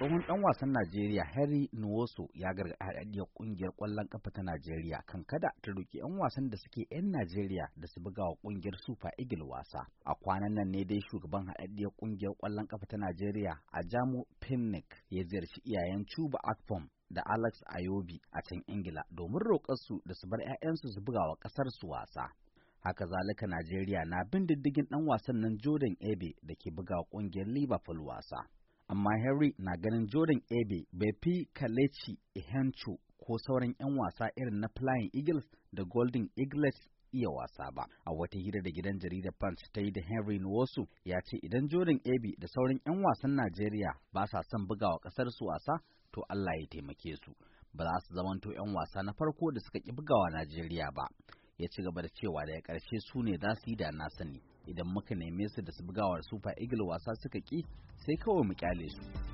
tsohon ɗan wasan Najeriya Harry Nwosu ya gargaɗi haɗaɗɗiyar ƙungiyar ƙwallon ƙafa ta Najeriya kan kada ta roki 'yan wasan da suke 'yan Najeriya da su buga wa ƙungiyar Super Eagle wasa. A kwanan nan ne dai shugaban haɗaɗɗiyar ƙungiyar ƙwallon ƙafa ta Najeriya a Ajamu Pinnick ya ziyarci iyayen Chuba Akpom da Alex Ayobi a can Ingila domin roƙarsu da su bar 'ya'yansu su buga wa su wasa. haka zalika Najeriya na bin diddigin ɗan wasan nan Jordan Ebe da ke buga ƙungiyar Liverpool wasa. amma Henry na ganin Jordan Ebe bai fi Kalechi Ihenchu ko sauran 'yan wasa irin na Flying Eagles da Golden Eagles iya wasa ba. A wata hira da gidan jaridar Punch ta yi da Henry Nwosu ya ce idan Jordan Ebe da sauran 'yan wasan Najeriya ba sa son bugawa ƙasar su wasa to Allah ya taimake su. Ba za su zamanto 'yan wasa na farko da suka ƙi bugawa Najeriya ba. Ya ci gaba da cewa daga ƙarshe su ne za su yi da na sani. idan muka neme su da su bugawar super eagle wasa suka ki sai kawai mu kyale su